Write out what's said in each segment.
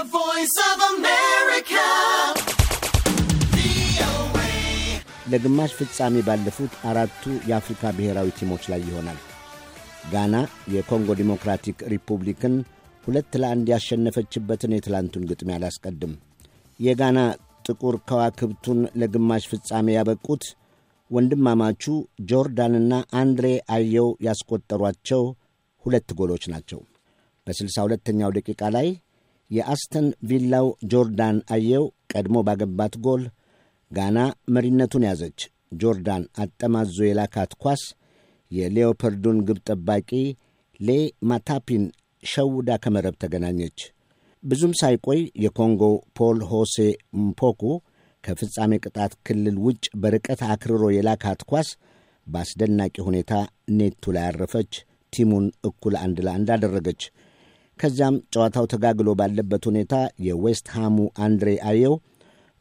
The Voice of America. ለግማሽ ፍጻሜ ባለፉት አራቱ የአፍሪካ ብሔራዊ ቲሞች ላይ ይሆናል። ጋና የኮንጎ ዲሞክራቲክ ሪፑብሊክን ሁለት ለአንድ ያሸነፈችበትን የትላንቱን ግጥሚያ አላስቀድም። የጋና ጥቁር ከዋክብቱን ለግማሽ ፍጻሜ ያበቁት ወንድማማቹ ጆርዳንና አንድሬ አየው ያስቆጠሯቸው ሁለት ጎሎች ናቸው። በ62ኛው ደቂቃ ላይ የአስተን ቪላው ጆርዳን አየው ቀድሞ ባገባት ጎል ጋና መሪነቱን ያዘች። ጆርዳን አጠማዞ የላካት ኳስ የሌዮፐርዱን ግብ ጠባቂ ሌ ማታፒን ሸውዳ ከመረብ ተገናኘች። ብዙም ሳይቆይ የኮንጎው ፖል ሆሴ ምፖኩ ከፍጻሜ ቅጣት ክልል ውጭ በርቀት አክርሮ የላካት ኳስ በአስደናቂ ሁኔታ ኔቱ ላይ አረፈች። ቲሙን እኩል አንድ ለአንድ አደረገች። ከዚያም ጨዋታው ተጋግሎ ባለበት ሁኔታ የዌስት ሃሙ አንድሬ አየው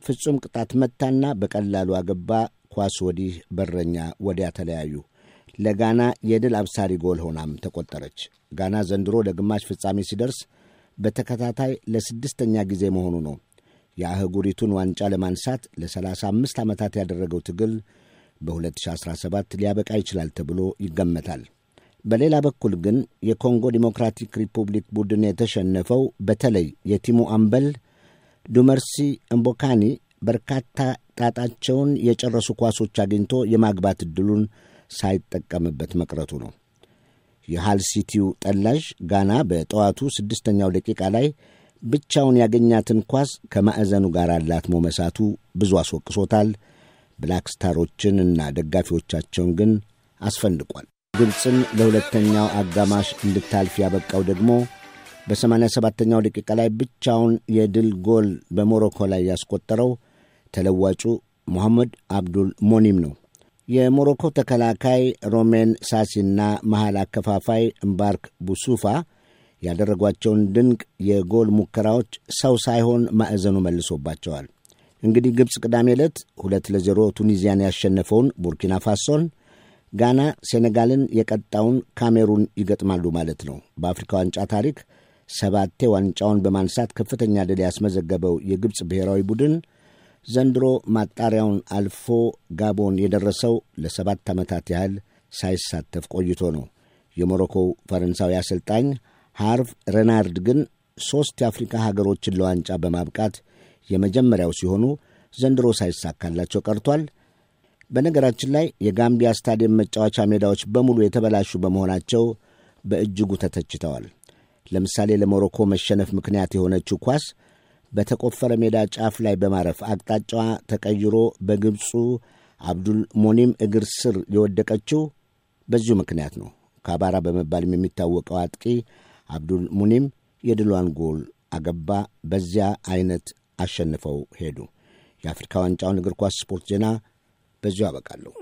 ፍጹም ቅጣት መታና በቀላሉ አገባ። ኳስ ወዲህ በረኛ ወዲያ ተለያዩ። ለጋና የድል አብሳሪ ጎል ሆናም ተቆጠረች። ጋና ዘንድሮ ለግማሽ ፍጻሜ ሲደርስ በተከታታይ ለስድስተኛ ጊዜ መሆኑ ነው። የአህጉሪቱን ዋንጫ ለማንሳት ለ35 ዓመታት ያደረገው ትግል በ2017 ሊያበቃ ይችላል ተብሎ ይገመታል። በሌላ በኩል ግን የኮንጎ ዲሞክራቲክ ሪፑብሊክ ቡድን የተሸነፈው በተለይ የቲሙ አምበል ዱመርሲ እምቦካኒ በርካታ ጣጣቸውን የጨረሱ ኳሶች አግኝቶ የማግባት ዕድሉን ሳይጠቀምበት መቅረቱ ነው። የሃል ሲቲው ጠላዥ ጋና በጠዋቱ ስድስተኛው ደቂቃ ላይ ብቻውን ያገኛትን ኳስ ከማዕዘኑ ጋር አላትሞ መሳቱ ብዙ አስወቅሶታል። ብላክ ስታሮችን እና ደጋፊዎቻቸውን ግን አስፈንድቋል። ግብፅን ለሁለተኛው አጋማሽ እንድታልፍ ያበቃው ደግሞ በ87ኛው ደቂቃ ላይ ብቻውን የድል ጎል በሞሮኮ ላይ ያስቆጠረው ተለዋጩ ሞሐመድ አብዱል ሞኒም ነው። የሞሮኮ ተከላካይ ሮሜን ሳሲና መሃል አከፋፋይ እምባርክ ቡሱፋ ያደረጓቸውን ድንቅ የጎል ሙከራዎች ሰው ሳይሆን ማዕዘኑ መልሶባቸዋል። እንግዲህ ግብፅ ቅዳሜ ዕለት ሁለት ለዜሮ ቱኒዚያን ያሸነፈውን ቡርኪና ፋሶን ጋና ሴኔጋልን የቀጣውን ካሜሩን ይገጥማሉ ማለት ነው። በአፍሪካ ዋንጫ ታሪክ ሰባቴ ዋንጫውን በማንሳት ከፍተኛ ድል ያስመዘገበው የግብፅ ብሔራዊ ቡድን ዘንድሮ ማጣሪያውን አልፎ ጋቦን የደረሰው ለሰባት ዓመታት ያህል ሳይሳተፍ ቆይቶ ነው። የሞሮኮው ፈረንሳዊ አሰልጣኝ ሃርቭ ሬናርድ ግን ሦስት የአፍሪካ ሀገሮችን ለዋንጫ በማብቃት የመጀመሪያው ሲሆኑ ዘንድሮ ሳይሳካላቸው ቀርቷል። በነገራችን ላይ የጋምቢያ ስታዲየም መጫወቻ ሜዳዎች በሙሉ የተበላሹ በመሆናቸው በእጅጉ ተተችተዋል። ለምሳሌ ለሞሮኮ መሸነፍ ምክንያት የሆነችው ኳስ በተቆፈረ ሜዳ ጫፍ ላይ በማረፍ አቅጣጫዋ ተቀይሮ በግብፁ አብዱል ሞኒም እግር ስር የወደቀችው በዚሁ ምክንያት ነው። ካባራ በመባልም የሚታወቀው አጥቂ አብዱል ሙኒም የድሏን ጎል አገባ። በዚያ አይነት አሸንፈው ሄዱ። የአፍሪካ ዋንጫውን እግር ኳስ ስፖርት ዜና በዚሁ አበቃለሁ።